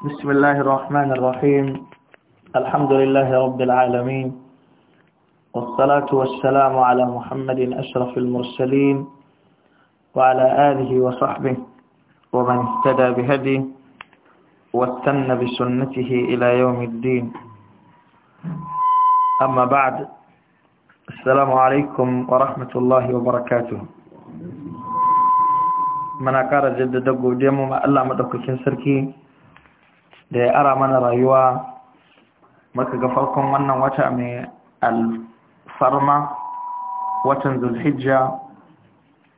بسم الله الرحمن الرحيم الحمد لله رب العالمين والصلاة والسلام على محمد أشرف المرسلين وعلى آله وصحبه ومن اهتدى بهديه واستنى بسنته إلى يوم الدين أما بعد السلام عليكم ورحمة الله وبركاته من أكار جدد ديمو وما ألا مدوك كنسركي da ya ara mana rayuwa maka ga farkon wannan wata mai alfarma watan zulhijja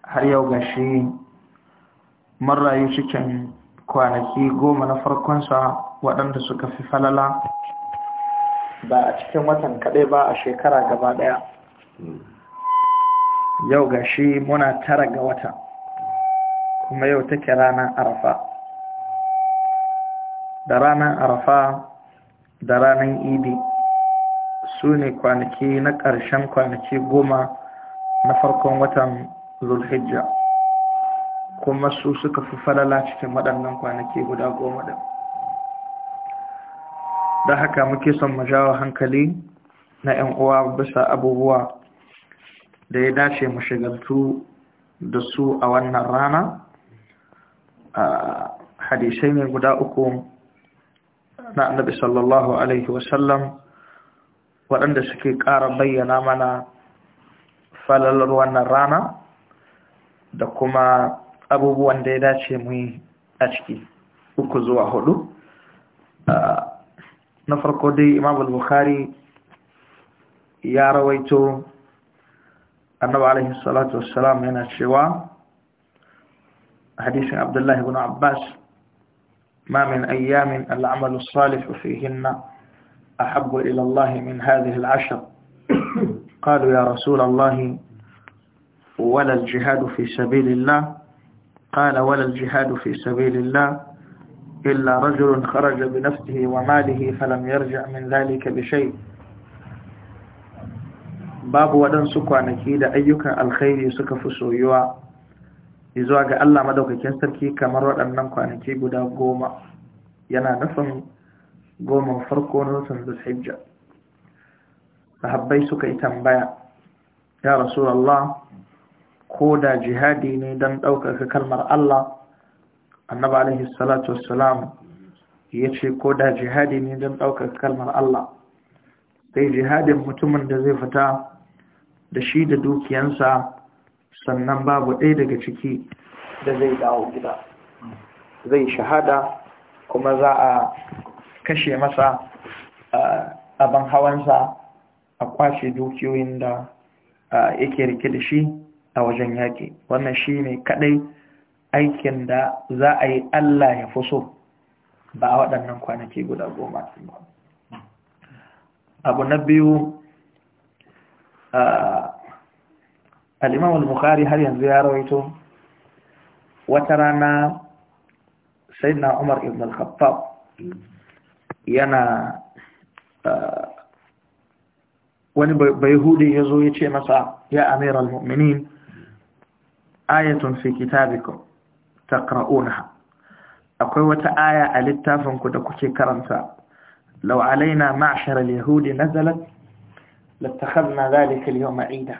har yau ga shi rayu cikin kwanaki goma na farkonsa waɗanda suka fi falala ba a cikin watan kaɗai ba a shekara gaba ɗaya yau ga shi muna tara ga wata kuma yau take ranar arafa da ranar arafa da ranar idi su ne kwanaki na ƙarshen kwanaki goma na farkon watan zulhijja kuma su suka fi falala cikin waɗannan kwanaki guda goma ɗin da haka muke son majawa hankali na 'yan uwa bisa abubuwa da ya dace mu shigaltu da su a wannan rana ah, hadisai ne guda uku na annabi sallallahu alaihi wasallam waɗanda suke ƙara bayyana mana falalar wannan rana da kuma abubuwan da ya dace mu yi a ciki uku zuwa hudu na farko dai imam al-bukhari ya rawaito annabi alaihi salatu wassalam yana cewa hadisin abdullahi ibn abbas ما من أيام العمل الصالح فيهن أحب إلى الله من هذه العشر قالوا يا رسول الله ولا الجهاد في سبيل الله قال ولا الجهاد في سبيل الله إلا رجل خرج بنفسه وماله فلم يرجع من ذلك بشيء باب ودن kwanaki da الخير alkhairi suka zuwa ga Allah madaukakin sarki kamar waɗannan kwanaki guda goma yana nufin goma farko na watan zulhijja sahabbai suka yi tambaya ya rasulallah ko da jihadi ne don ɗaukaka kalmar Allah annaba alaihi salatu wassalam ya ce ko da jihadi ne don ɗaukaka kalmar Allah sai jihadin mutumin da zai fita da shi da dukiyansa sannan babu ɗaya daga ciki da zai dawo gida zai shahada kuma za a kashe masa abin hawansa a kwashe dukiyoyin da yake rike da shi a wajen yaƙi wannan shi ne kaɗai aikin da za a yi Allah ya fi so ba a waɗannan kwanaki guda goma abu na biyu الإمام البخاري هل ينزيار ويتم وترانا سيدنا عمر بن الخطاب ينا آه، وني بيهودي يزو يتي يا أمير المؤمنين آية في كتابكم تقرؤونها أقوى آية ألتافن كده كتي كرمتا لو علينا معشر اليهود نزلت لاتخذنا ذلك اليوم عيدا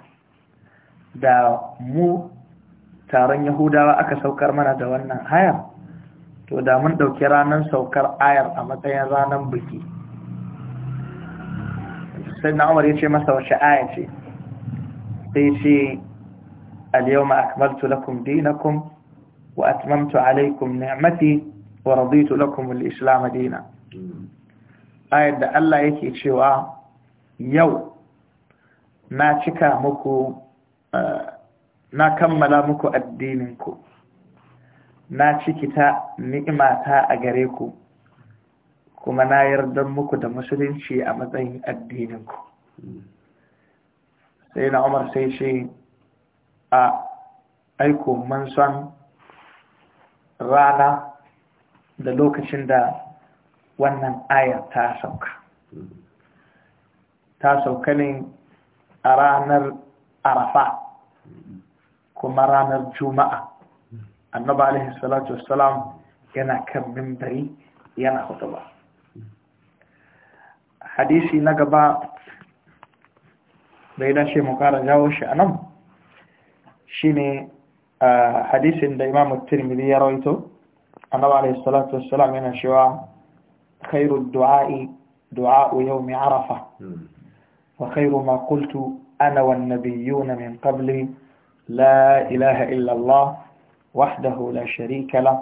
da mu taron yahudawa aka saukar mana da wannan hayar to da mun ɗauki ranar saukar ayar a matsayin ranar biki sai na umar ya ce masa wace aya ce sai ce Aliyu yawma lakum dinakum wa atmamtu alaikum ni'mati wa raditu lakum al-islam dina ayar da Allah yake cewa yau na cika muku na kammala muku addininku na cikita ni'imata a gare ku kuma na yarda muku da musulunci a matsayin addininku sai na umar sai shi a aiko manson rana da lokacin da wannan ayar ta sauka ta sauka ne a ranar arafa kuma ranar juma'a annabi alaihi salatu wassalam yana kan mimbari yana hutuba hadisi na gaba bai dace mu kara jawo shi a nan shine hadisin da imam tirmidhi ya rawaito annabi alaihi salatu wassalam yana cewa khairu du'a'i du'a'u yawmi arafa wa khairu ma qultu ana wan nabiyyuna min qabli لا إله إلا الله وحده لا شريك له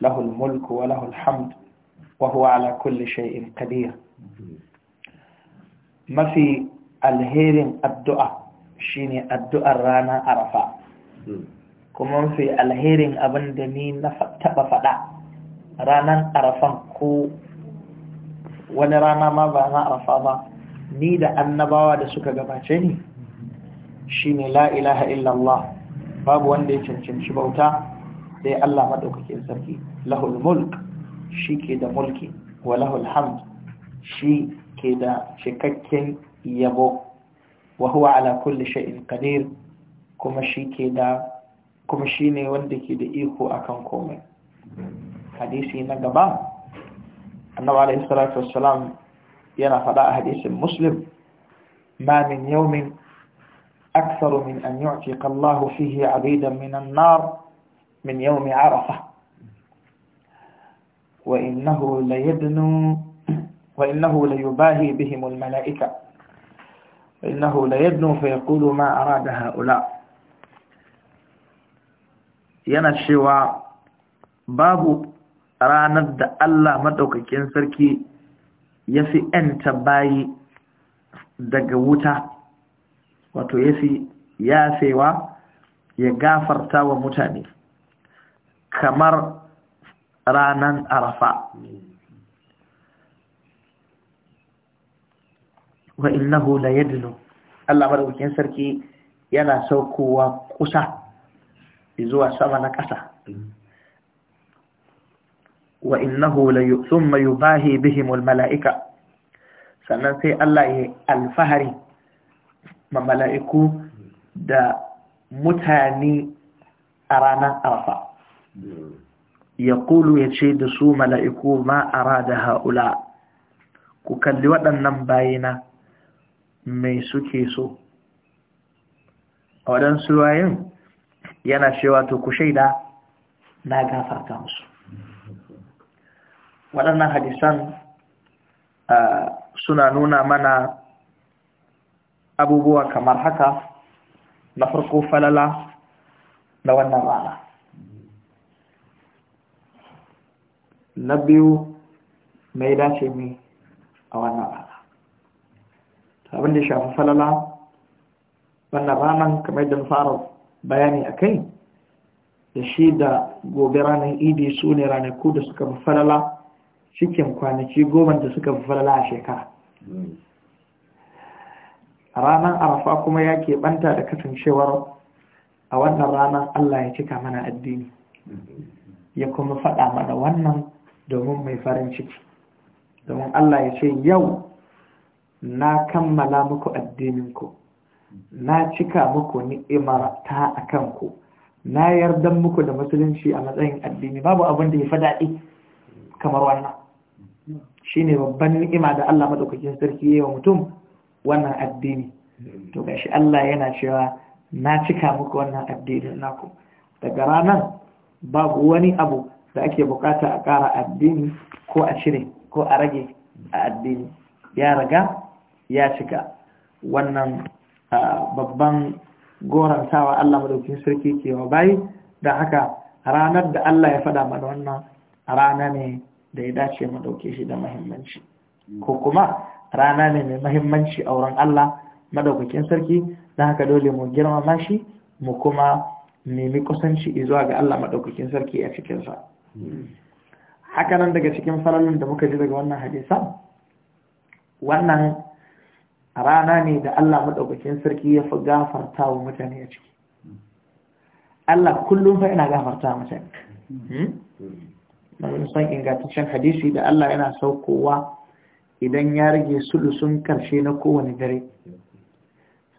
له الملك وله الحمد وهو على كل شيء قدير ما في الهيرين الدعاء شيني الدعاء رانا أرفع كما في الهيرين أبن دمين فلا رانا أرفع كو ونرانا ما بانا أرفع ما ni da annabawa da suka shine la ilaha illallah babu wanda ya cancanci bauta sai Allah madaukakin sarki lahul mulk shi ke da mulki wa lahul hamd shi ke da cikakken yabo wa huwa ala kulli shay'in kuma shi ke da kuma shine wanda ke da iko akan komai hadisi na gaba annabi alayhi salatu wassalam yana faɗa a hadisin muslim ma min أكثر من أن يعتق الله فيه عبيدا من النار من يوم عرفة وإنه ليدنو وإنه ليباهي بهم الملائكة وإنه ليدنو فيقول ما أراد هؤلاء ينشوى باب راند الله مدوك maɗaukakin sarki ya أنت باي bayi wato yafi yafewa ya gafarta wa mutane kamar ranan arafa wa innahu la yadnu Allah madaukakin sarki yana saukowa kusa zuwa sama na ƙasa wa innahu la thumma yubahi bihim al mala'ika sannan sai Allah ya alfahari mala'iku da mutane a ranar arfa ya kulu ya ce da su mala'iku ma a da haula ku kalli waɗannan bayina mai suke so a waɗansu wayin yana cewa to ku shaida na gafarta musu waɗannan hadisan ah, suna nuna mana abubuwa kamar haka na farko falala na wannan rana na biyu mai dace mi a wannan rana abin da shafi falala wannan ranar kamar da fara bayani a kai da shi da gobe ranar idi su ne ranaku da suka fi falala cikin kwanaki goma da suka fi falala a shekara ranar arafa kuma ya ke keɓanta da kasancewar a wannan rana Allah ya cika mana addini ya kuma faɗa mana wannan domin mai farin ciki domin Allah ya ce yau na kammala muku addininku na cika muku ni'imar ta a kanku na yarda muku da musulunci a matsayin addini babu abin da ya fi daɗi kamar wannan shi ne babban ni'ima da Allah maɗaukakin sarki ya yi wa mutum wannan addini to gashi Allah yana cewa na cika muku wannan addinin naku daga ranar babu wani abu da ake bukata a ƙara addini ko a cire ko a rage a addini ya raga ya cika wannan babban gorantawa Allah madaukin sarki ke wa bayi da haka ranar da Allah ya fada mana wannan rana ne da ya dace madauke shi da muhimmanci ko kuma rana ne mai mahimmanci a wurin Allah madaukakin sarki don haka dole mu girmama shi mu kuma nemi kusanci zuwa ga Allah madaukakin sarki a cikinsa haka nan daga cikin falalin da muka ji daga wannan hadisa wannan rana ne da Allah madaukakin sarki ya fi gafarta wa mutane a ciki Allah kullum fa yana gafarta wa mutane hmm? mun san ingantaccen hadisi da Allah yana saukowa idan ya rage sulusun karshe na kowane dare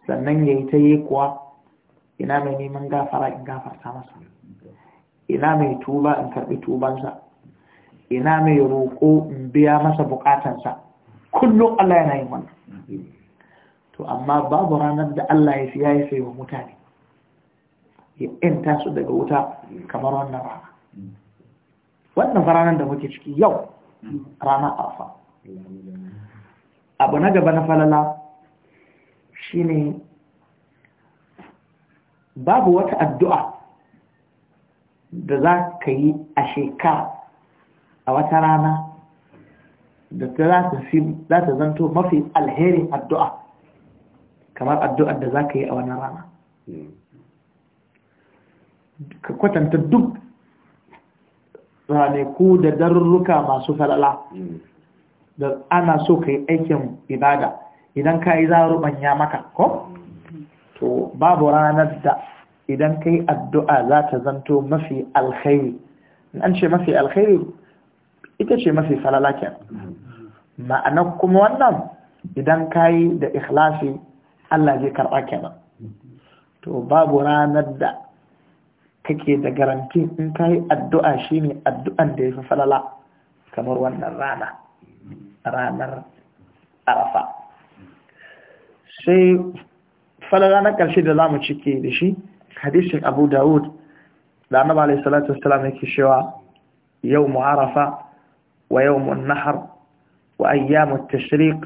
sannan ya yi ta yi kuwa ina mai neman gafara in gafarta masa ina mai tuba in karbi tubansa ina mai roƙo in biya masa buƙatansa kullum Allah yana yin wannan to amma babu ranar da Allah ya fi ya fi mutane ya inta su daga wuta kamar wannan rana wannan ranar da muke ciki yau rana a abu na gaba na falala shine babu wata addu'a da za ka yi a sheka a wata rana da ta za ta zanto mafi alherin addu'a kamar addu'ar da za ka yi a wani rana ka kwatanta duk ranaku da darurruka masu falala da ana so ka yi aikin ibada idan ka yi za a maka ko? to babu ranar da idan ka yi addu'a za ta zanto mafi alkhairi an ce mafi alkhairi ita ce mafi falalaken ma'ana kuma wannan idan ka yi da ikhlasi Allah zai karɓa kenan to babu ranar da kake da garanti in ka yi addu'a shi ne addu'an da ya fi falala kamar wannan rana ranar arafa sai falala na ƙarshe da zamu cike da shi hadisin abu da'ud da annabi alayhi salatu wassalam yake yau mu arafa wa yau mu nahar wa ayyamu tashriq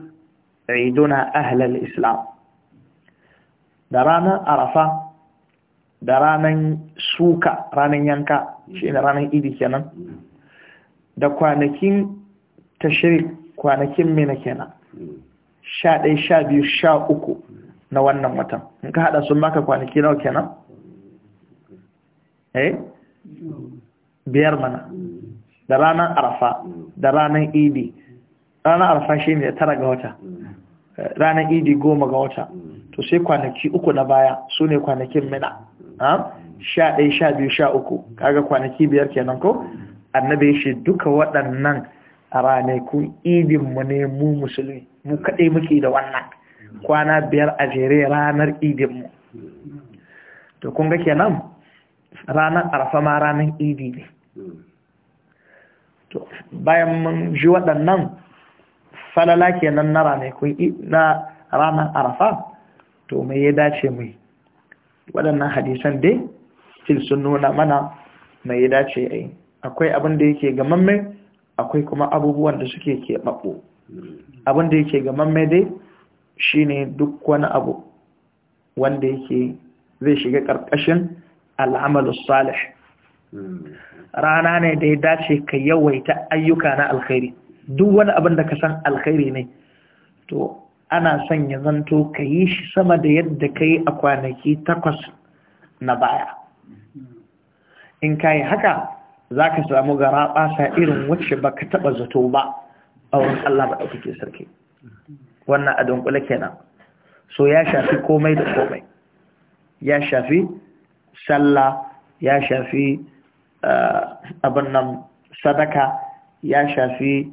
ayyam at da ranar arafa da درانا suka درانا yanka shi ne شئنا idi kenan da kwanakin تشريك kwanakin mina kenan sha ɗaya sha biyu sha uku na wannan watan in ka haɗa sun maka kwanaki nawa kenan eh biyar mana da ranar arfa da ranar idi ranar arfa shi ne tara ga wata ranar idi goma ga wata to sai kwanaki uku na baya su ne kwanakin mina sha ɗaya sha biyu sha uku kaga kwanaki biyar kenan ko annabi shi duka waɗannan a ranakun idinmu ne mu musulmi mu kaɗai muke da wannan kwana biyar a jere ranar idin mu to kun ga kenan ranar arfa ma ranar idi ne to bayan mun ji waɗannan falala kenan na ranakun na ranar arfa to mai ya dace mai waɗannan hadisan dai fil sun nuna mana mai ya dace ai akwai abin da yake gamamme akwai kuma abubuwan da suke ke babu. abin da yake ga mamme dai shine duk wani abu wanda yake zai shiga ƙarƙashin al'amalu salih rana ne da ya dace ka yawaita ayyuka na alkhairi duk wani abin da ka san alkhairi ne to ana son ya zanto ka yi shi sama da yadda ka yi a kwanaki takwas na baya in ka yi haka za ka samu gara ɓasa irin wacce ba ka taɓa zato ba a wurin Allah ba ɗaukake sarki wannan a dunkule kenan so ya shafi komai da komai ya shafi sallah ya shafi eh, abin nan sadaka ya shafi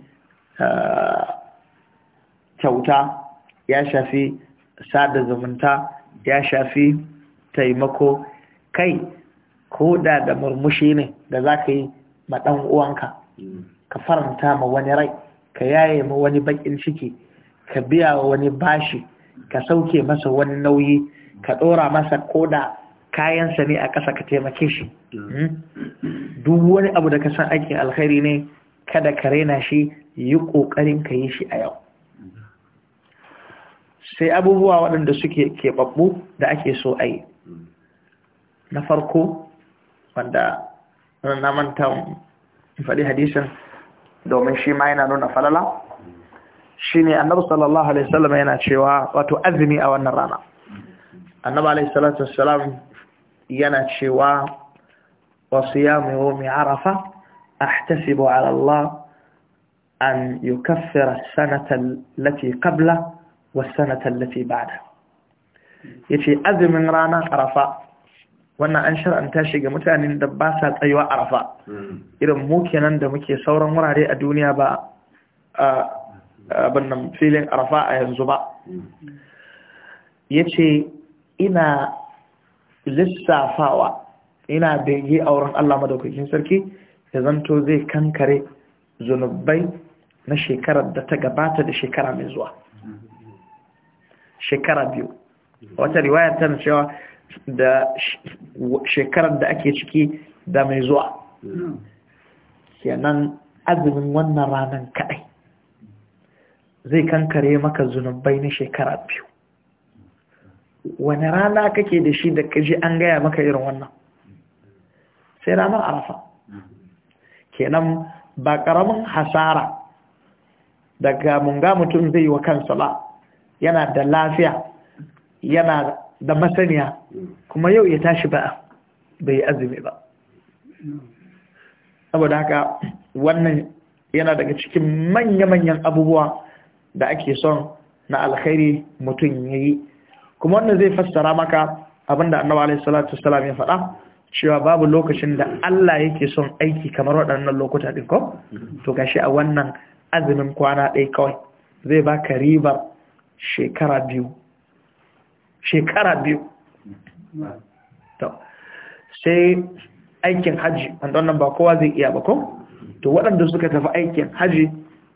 eh, kyauta ya shafi sada zumunta ya shafi taimako kai ko da da murmushi ne da za ka yi ma ɗan uwanka ka faranta ma wani rai ka yaye ma wani baƙin ciki ka biya wani bashi ka sauke masa wani nauyi ka ɗora masa da kayansa ne a ƙasa ka taimake shi hmm? duk wani abu da ka san aikin alkhairi ne kada ka raina shi yi ƙoƙarin ka yi shi a yau sai abubuwa waɗanda suke keɓaɓɓu da ake so a yi na farko wanda na manta faɗi hadisin domin shi ma yana nuna falala shi ne annabi sallallahu alaihi wasallam yana cewa wato azumi a wannan rana annabi alaihi salatu wassalam yana cewa ya siyamu yawmi arafa ahtasibu ala Allah an yukaffira as-sanata lati kabla wa sanata allati ba'da yace azumin rana arafa wannan an shar'anta shi ga mutanen da ba sa tsayuwa rafa hmm. irin mu kenan da muke sauran wurare a duniya ba a filin arafa a yanzu ba hmm. ya ce ina lissafawa ina bege a wurin Allah madaukakin sarki ya zanto zai kankare zunubai na shekarar da ta gabata da shekara mai zuwa hmm. shekara biyu wata riwayar tana cewa da shekarar da ake ciki da mai zuwa kenan azumin wannan ranar kaɗai zai kankare maka zunubai na shekara biyu wani rana kake da shi da kaji an gaya maka irin wannan sai ranar arafa kenan ba ƙaramin hasara daga munga mutum zai yi wa kansa ba yana da lafiya yana da masaniya kuma yau ya tashi ba bai azumi ba saboda haka wannan yana daga cikin manya-manyan abubuwa da ake son na alkhairi mutum ya yi kuma wannan zai fassara maka abinda annabi alaihi salatu ya faɗa cewa babu lokacin da Allah yake son aiki kamar waɗannan lokuta din ko to gashi a wannan azumin kwana ɗaya kawai zai baka ribar shekara biyu shekara biyu sai aikin hajji wanda wannan ba kowa zai iya ba ko to waɗanda suka tafi aikin hajji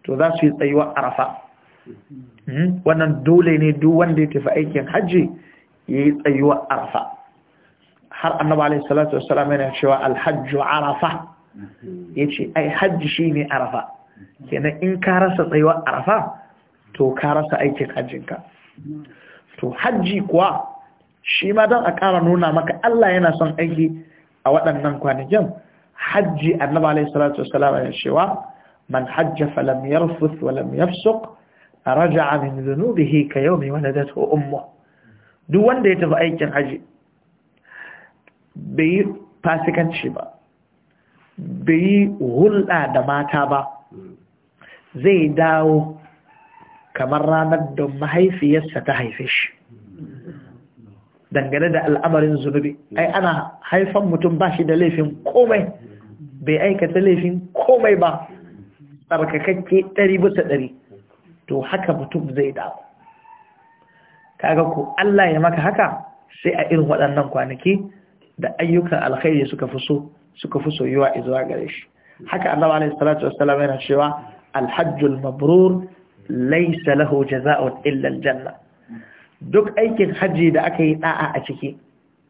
to za su yi tsayuwa arafa hmm? wannan dole ne duk wanda ya tafi aikin hajji ya yi tsayuwa arafa har annaba alaihi salatu wassalam yana cewa alhajju arafa yace ai hajji shine arafa kenan in ka rasa tsayuwa arafa to ka rasa aikin hajjinka to hajji kuwa shi ma don a ƙara nuna maka Allah yana son aiki a waɗannan kwanakin hajji annaba alaihi salatu wasalam ya cewa man hajja falam yarfuth walam yafsuq raja'a min dhunubihi ka yawmi waladatu ummu duk wanda ya tafi aikin haji bai yi fasikanci ba bai yi hulɗa da mata ba zai dawo kamar ranar da mahaifiyarsa ta haife shi dangane da al'amarin zunubi ai ana haifan mutum ba shi da laifin komai bai aikata laifin komai ba tsarkakakke ɗari bisa ɗari to haka mutum zai dawo kaga ko Allah ya maka haka sai a irin waɗannan kwanaki da ayyukan alkhairi suka fi so suka fi soyuwa izuwa gare shi haka annabi alaihi salatu wassalam yana cewa alhajjul mabrur laisa lahu jaza'un illa aljanna duk aikin haji da aka yi da'a a ciki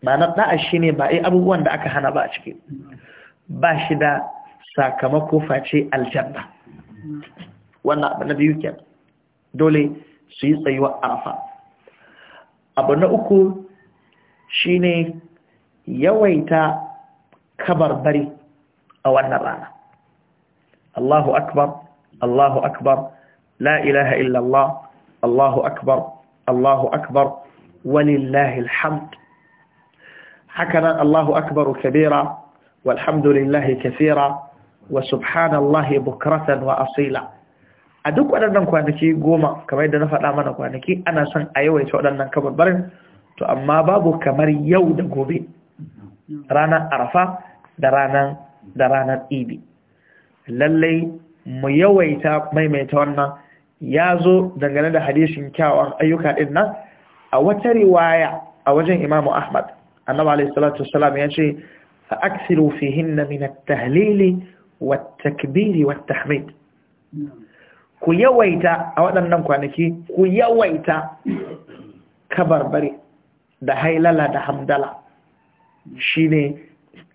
ma'ana da'a shine ba ai abubuwan da aka hana ba a ciki ba shi da sakamako face aljanna wannan abu na biyu kenan dole su yi tsayuwa arafa abu na uku shine yawaita kabarbari a wannan rana Allahu akbar Allahu akbar la ilaha illallah Allahu akbar Allahu akbar walillahil hamd hakanan Allahu akbar kabira walhamdulillahi kathira wa subhanallahi bukratan wa asila a duk waɗannan kwanaki goma kamar yadda na faɗa mana kwanaki ana son a yawaita waɗannan kabarbarin to amma babu kamar yau da gobe ranar arafa da ranar da idi lallai mu yawaita maimaita wannan ya zo dangane da hadisin kyawar ayyuka ɗin nan a wata riwaya a wajen imamu ahmad annabi alayhi salatu wassalam ya ce fa aksiru fihinna min at-tahlili wat-takbiri wat-tahmid ku yawaita a waɗannan kwanaki ku yawaita kabarbare da hailala da hamdala shine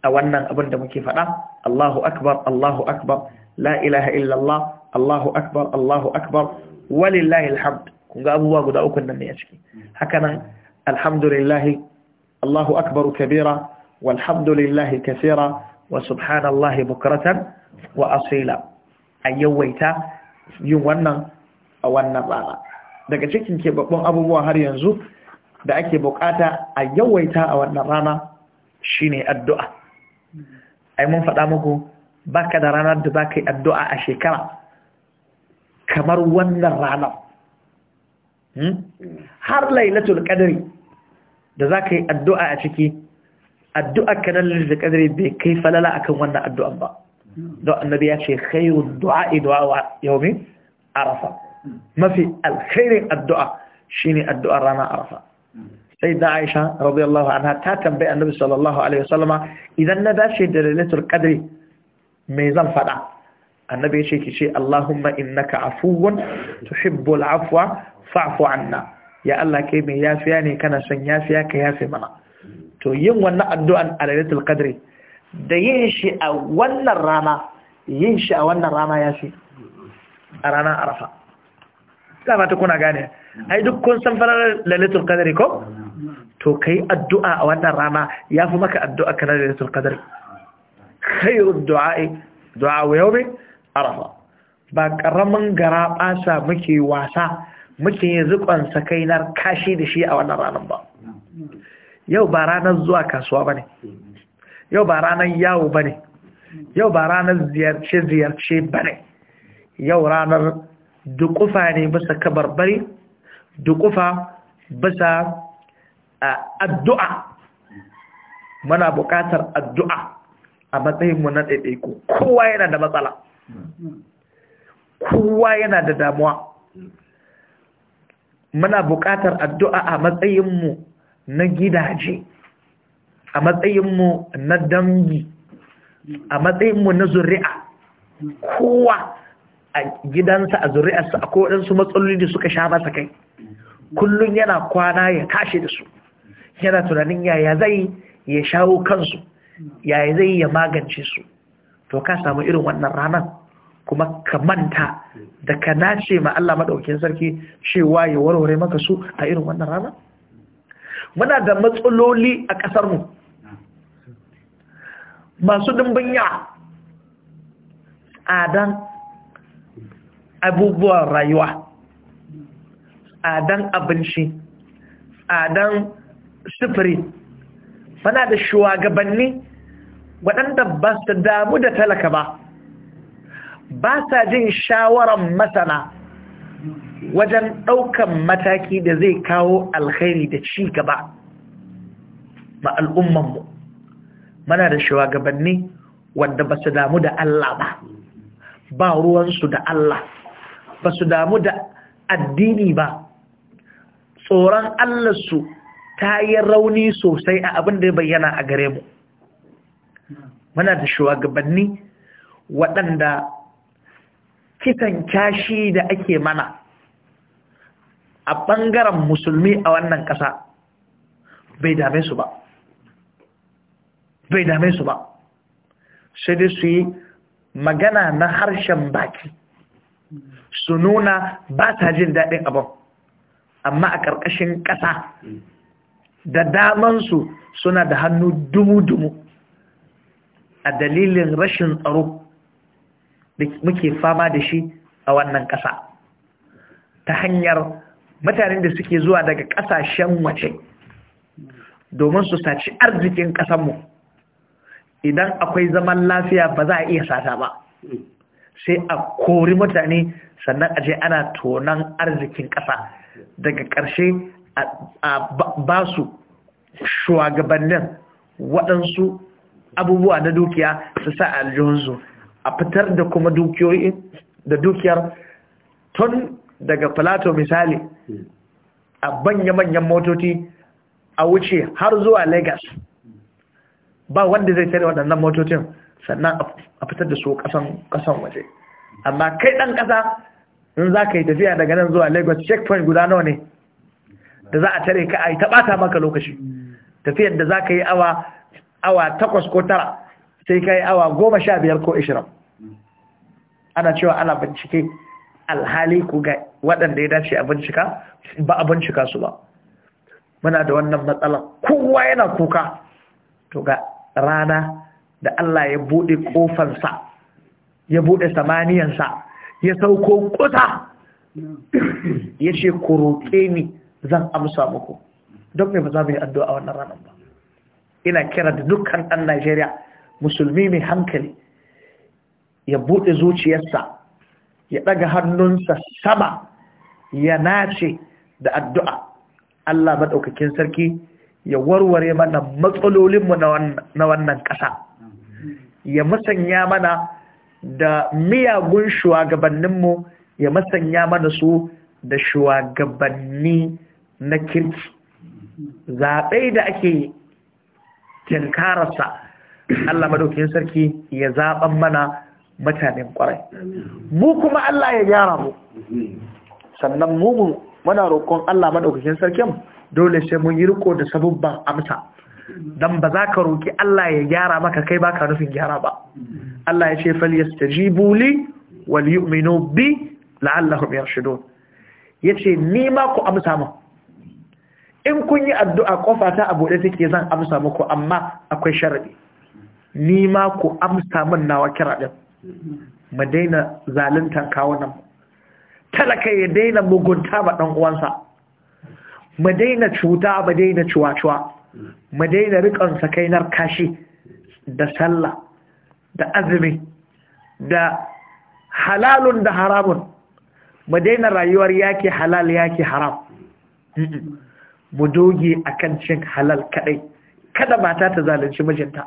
a wannan abin da muke faɗa Allahu akbar Allahu akbar la ilaha illallah Allahu akbar Allahu akbar walillahi alhamd kun abubuwa guda uku nan ne a ciki haka Allahu akbar kabira walhamdulillahi kaseera wa subhanallahi bukratan wa asila a yawaita yin wannan a wannan rana daga cikin keɓaɓɓun abubuwa har yanzu da ake bukata a yawaita a wannan rana shine addu'a ai mun faɗa muku baka da ranar da zaka yi addu'a a shekara kamar wannan ranar hmm? har lailatul qadri da zaka yi addu'a a ciki addu'ar ka nan lailatul qadri bai kai falala akan wannan addu'an ba don annabi ya ce khairud du'a du'a yawmi arafa mafi alkhairin addu'a shine addu'ar rana arafa sai da Aisha radiyallahu anha ta tambaye annabi sallallahu alaihi wasallama idan na dace da lailatul qadri me zan faɗa annabi yace ki ce Allahumma innaka afuwun tuhibbul afwa fa'fu anna ya Allah kai mai yafiya ne kana son yafiya ka yafe mana to yin wannan addu'an a lailatul qadri da yin shi a wannan rana yin shi a wannan rana ya fi a ranar arafa ta fata kuna gane ai duk kun san farar lalatul kadari ko to kai addu'a a wannan rana ya fi maka addu'a kan lalatul kadari khairu du'a'i du'a wa arafa ba ƙaramin gara ɓasa muke wasa muke yin zukon sakainar kashi da shi a wannan ranar ba yau ba ranar zuwa kasuwa ba ne yau ba ranar yawo ba ne yau ba ranar ziyarce-ziyarce ba ne yau ranar dukufa ne bisa kabarbari dukufa bisa addu'a muna buƙatar addu'a a matsayinmu na ɗaiɗaiku kowa yana da matsala kowa yana da damuwa muna buƙatar addu'a a matsayinmu na gidaje a matsayinmu na dangi a matsayinmu na zuri'a kowa a gidansa a zuri'arsa a waɗansu matsaloli da suka sha masa kai kullum yana kwana ya tashi da su yana tunanin yaya zai ya shawo kansu yaya zai ya magance su to ka samu irin wannan ranar kuma ka manta da ka nace ma Allah maɗaukin sarki cewa ya warware maka su a irin wannan ranar muna da matsaloli a ƙasarmu masu dimbin ya tsadan abubuwan rayuwa tsadan abinci tsadan sufuri muna da shugabanni waɗanda ba su damu da talaka ba ba sa jin shawaran masana wajen ɗaukan mataki da zai kawo alkhairi da ci gaba ba al'ummanmu mana da shugabanni wanda ba su damu da Allah ba ba ruwansu da Allah ba su damu da addini ba tsoron Allah su ta yi rauni sosai a abin da ya bayyana a gare mu muna da shugabanni waɗanda kitan kyashi da ake mana a ɓangaren musulmi a wannan ƙasa bai dame su ba bai dame su ba sai dai su yi magana na harshen baki su nuna ba ta jin daɗin abin amma a ƙarƙashin ƙasa da damansu suna da hannu dumu-dumu a dalilin rashin tsaro da muke fama da shi a wannan ƙasa ta hanyar mutanen da suke zuwa daga ƙasashen wace domin su saci arzikin ƙasanmu idan akwai zaman lafiya ba za a iya sata ba sai a kori mutane sannan aje ana tonan arzikin ƙasa daga ƙarshe a ba su shugabannin waɗansu abubuwa na dukiya su sa aljihunsu a fitar da kuma dukiyoyi da dukiyar tun daga plato misali a banya-manyan motoci a wuce har zuwa Legas. ba wanda zai tare waɗannan motocin sannan a fitar da su ƙasan waje amma kai ɗan ƙasa in za ka yi tafiya daga nan zuwa Legas, checkpoint guda nawa ne da za a tare ka a yi ta ɓata maka lokaci tafiyar da za ka yi awa awa takwas ko tara sai kai awa goma sha biyar ko ishirin ana cewa ana bincike alhali ku ga waɗanda ya dace a bincika ba a bincika su ba muna da wannan matsalar kowa yana kuka to ga rana da Allah ya buɗe ƙofansa ya buɗe samaniyansa ya sauko kusa ya ce ku roƙe ni zan amsa muku don mai ba za mu yi addu'a wannan ranar ba ina kira da dukkan ɗan Najeriya musulmi mai hankali ya buɗe zuciyarsa ya ɗaga hannunsa sama ya nace da addu'a Allah maɗaukakin sarki ya warware mana matsalolinmu na wannan ƙasa ya masanya mana da miyagun shugabanninmu ya masanya mana su da shugabanni na kirki zaɓe da ake tinkararsa Allah madaukakin sarki ya zaɓan mana mutanen ƙwarai mu kuma Allah ya gyara mu sannan mu muna roƙon Allah madaukakin sarkin dole sai mun yi riko da sabubban amsa dan ba za ka roƙi Allah ya gyara maka kai baka nufin gyara ba Allah ya ce ji buli, wal yu'minu bi la'allahum yarshudun yace ni ma ku amsa mu in kun yi addu'a kofa ta a buɗe take zan amsa muku amma akwai sharaɗi ni ma ku amsa min nawa kira ɗin mu daina zaluntar kawunan talaka ya daina mugunta ba ɗan uwansa mu daina cuta ba daina cuwa-cuwa mu daina riƙon sakainar kashi da sallah da azumi da halalun da haramun mu daina rayuwar yake halal yake haram mu doge a kan cin halal kaɗai. kada mata ta zalunci mijinta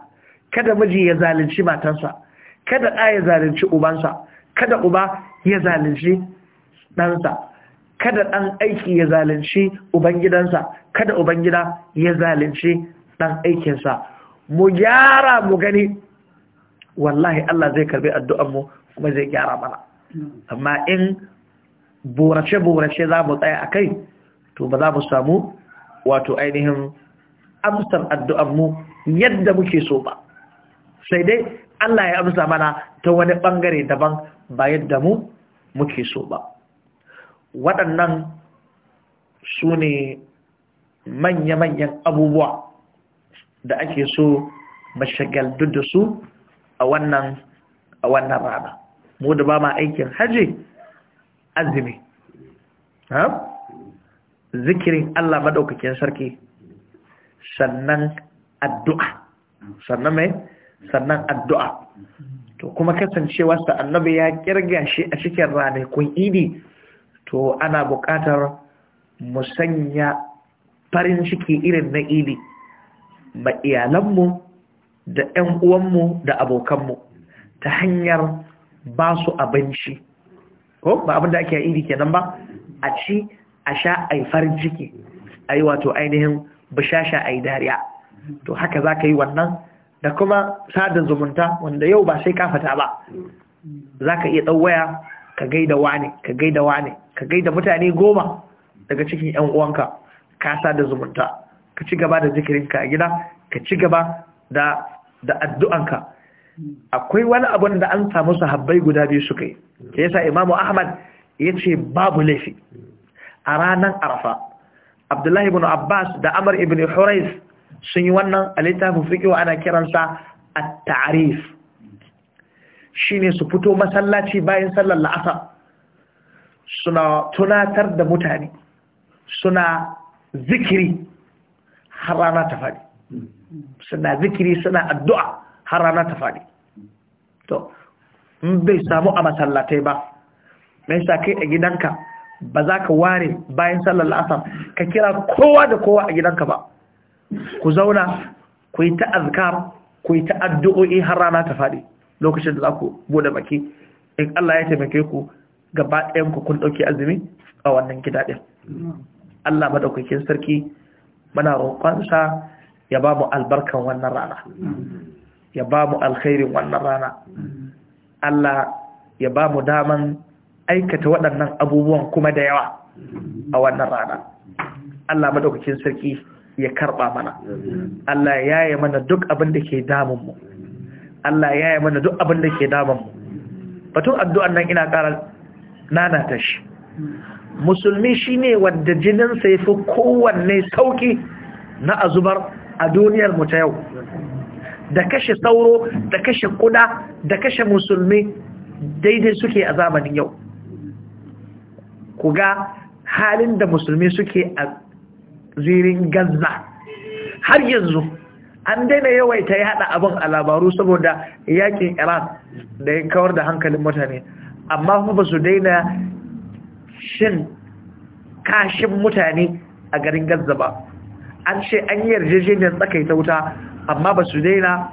kada miji ya zalunci matansa kada ɗa ya zalunci ubansa kada uba ya zalunci ɗansa kada ɗan aiki ya zalunci ubangidansa kada ubangida ya zalunci ɗan aikinsa mu gyara mu gani wallahi Allah zai karbi addu'anmu kuma zai gyara mana amma in borace-borace za mu tsaya a kai to ba za mu samu wato ainihin amsar addu'anmu yadda muke so ba sai dai Allah ya amsa mana ta wani ɓangare daban ba yadda mu muke so ba waɗannan su ne manya-manyan abubuwa da ake so mashagaltu da su a wannan a wannan rana mu da ba ma aikin hajji azumi zikirin Allah maɗaukakin sarki sannan addu'a sannan mai sannan addu'a to kuma kasancewarsa annabi ya ƙirga shi a cikin ranakun idi to ana buƙatar musanya farin ciki irin na idi ma iyalanmu da ‘yan uwanmu da abokanmu ta hanyar ba su abinci ko ba abin da ake idi kenan ba a ci a sha a yi farin ciki a yi wato ainihin bishasha a yi dariya to haka za ka yi wannan da kuma sada zumunta wanda yau ba sai kafata ba za ka iya ɗauwaya ka gaida wane ka gaida wane ka gaida mutane goma daga cikin 'yan uwanka ka sadin zumunta ka ci gaba da zikirinka a gida ka ci gaba da addu'anka akwai wani abun da an samu sahabbai guda biyu suka yi ya yasa imamu ahmad ya ce babu laifi a ranar arfa abdullahi ibn abbas da amr ibn hurais sun yi wannan a littafin fiƙiwa ana kiransa a ta'arif shi ne su fito masallaci bayan sallar la'asa suna tunatar da mutane suna zikiri har rana ta faɗi suna zikiri suna addu'a har rana ta faɗi to bai samu a masallatai ba mai sa kai a gidanka ba za ka ware bayan sallar la'asar ka kira kowa da kowa a gidanka ba ku zauna ku yi ta ku yi ta har rana ta faɗi lokacin da za ku bude baki in Allah ya taimake ku gaba ɗayan ku kun ɗauki azumi a wannan gida ɗin Allah madaukakin sarki muna roƙonsa ya ba mu albarkan wannan rana ya ba mu alkhairin wannan rana Allah ya ba mu daman aikata waɗannan abubuwan kuma da yawa a wannan rana Allah madaukakin sarki ya karba mana Allah ya yi mana duk abin da ke damun mu Allah ya yi mana duk abin da ke damun mu batun addu'an nan ina ƙara nana ta shi musulmi shine wanda jinin sa fi kowanne sauki na azubar a duniyar mu ta yau da kashe sauro da kashe kuda da kashe musulmi daidai suke a zamanin yau ku ga halin da musulmi suke a zirin gaza har yanzu an daina yawaita yaɗa abun abin a labaru saboda yakin iran da ya kawar da hankalin mutane amma kuma ba su daina shin kashin mutane a garin gaza ba an ce an yi yarjejeniyar tsakaita wuta amma ba su daina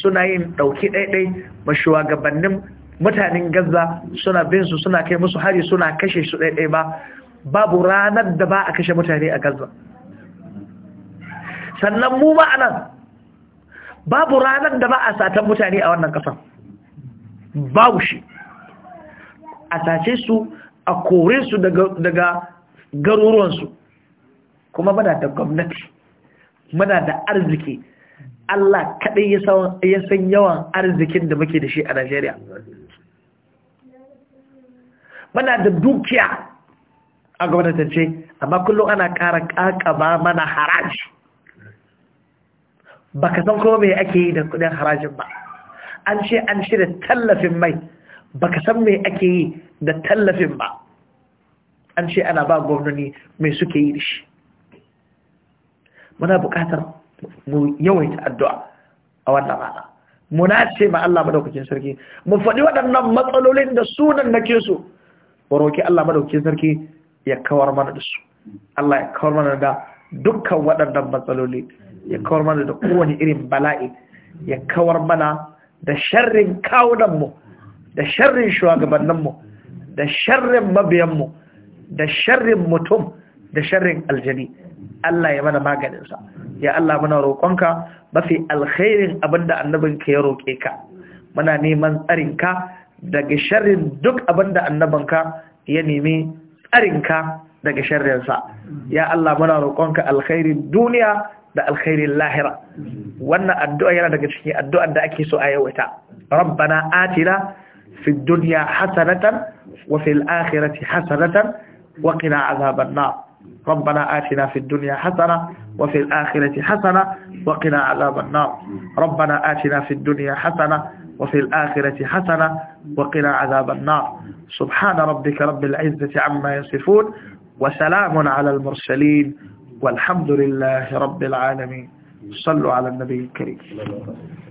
suna yin ɗauki ɗaiɗai ma shugabannin mutanen gaza suna bin su suna kai musu hari suna kashe su ɗaiɗai ba babu ranar da ba a kashe mutane a gaza sannan mu ma'anan babu ranar da ba a satan mutane a wannan ƙasa babu shi a sace su a kore su daga garuruwansu kuma muna da gwamnati muna da arziki Allah kaɗai ya san yawan arzikin da muke da shi a Najeriya muna da dukiya a gwamnati ce amma kullum ana ƙara ƙaƙaba mana haraji ba ka san kuma mai ake yi da kudin harajin ba an ce an shirya tallafin mai ba ka san mai ake yi da tallafin ba an ce ana ba gwamnoni mai suke yi da shi muna buƙatar mu yawaita addu'a a wannan rana muna ce ma Allah madaukakin sarki mu faɗi waɗannan matsalolin da sunan nake su baroki Allah madaukakin sarki ya kawar mana da su Allah ya kawar mana da dukkan waɗannan matsaloli ya kawar mana da kowane irin bala'i ya kawar mana da sharrin kawunanmu da sharrin shugabanninmu da sharrin mabiyanmu da sharrin mutum da sharrin aljani Allah ya mana maganinsa ya Allah muna roƙonka mafi alkhairin abinda annabinka ya roƙe ka muna neman tsarinka daga sharrin duk abinda annabanka ya nemi tsarinka daga sharrinsa ya Allah muna roƙonka alkhairin duniya da alkhairin lahira wannan addu'a yana daga cikin addu'an da ake so a yawaita rabbana atina fid dunya hasanatan wa fil akhirati hasanatan wa qina azaban nar ربنا آتنا في الدنيا حسنة وفي الآخرة حسنة وقنا عذاب النار ربنا آتنا في الدنيا حسنة وفي الآخرة حسنة وقنا عذاب النار سبحان ربك رب العزة عما يصفون وسلام على المرسلين والحمد لله رب العالمين صلوا على النبي الكريم